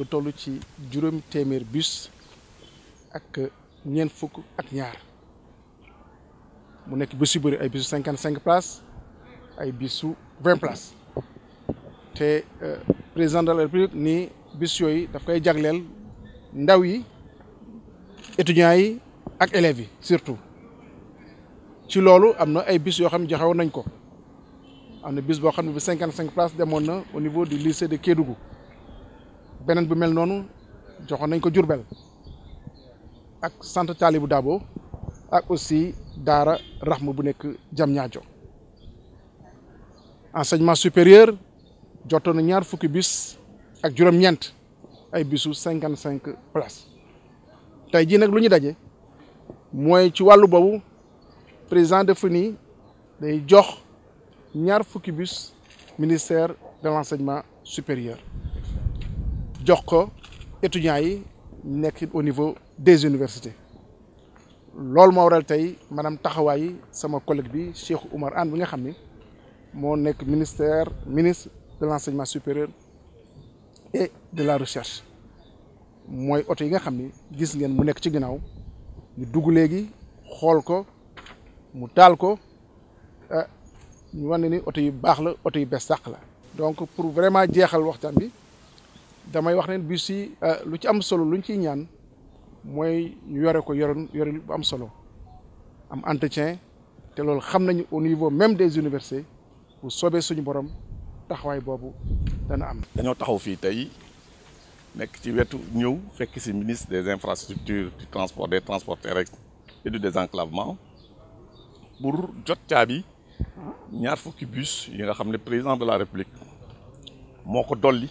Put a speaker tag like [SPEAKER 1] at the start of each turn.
[SPEAKER 1] lu toll ci juróomi téeméer bus ak ñeent fukk ak ñaar mu nekk bus yu bëri ay bisu 55 cinq places ay bisu 20 places te euh, président de la république ni bis yooyu daf koy jagleel ndaw yi étudiants yi ak élèves yi surtout ci loolu am na ay bis yoo xam ne joxewoon nañ ko am na bis boo xam ne bu cinquante cinq places demoon na au niveau du lycée de Kédougou benen bu mel noonu joxoon nañ ko Jurbel ak centre Talibou Dabo ak aussi daara Rahma bu nekk Diamniadio enseignement supérieur jotoon na ñaar fukki bis ak juróom ñent ay bisu 55 places tey jii nag lu ñu daje mooy ci wàllu boobu président de funi day jox ñaar fukki bis ministère de l'enseignement supérieur jox ko étudiants yi nek au niveau des universités loolu mo waral tay manam taxawaay sama collègue bi Cheikh Oumar an bi nga xamni mo nek ministère ministre de l'enseignement supérieur et de la recherche moy auto yi nga xamni gis ngeen mu nek ci ginaaw ñu dugg légui xol ko mu tal ko ah, ñu wane ni auto yu baax la auto yu bes sax la donc pour vraiment jeexal waxtaan bi damay wax ne bus yi euh, lu ci am solo luñ ciy ñaan ñu ko bu am solo am entretien au niveau même des universités bu suñu borom dana am.
[SPEAKER 2] taxaw ci fekk ministre des infrastructures du transport des transports terrestres et du désenclavement pour jot caabi ñaar fukki bus yi nga président de la république dolli.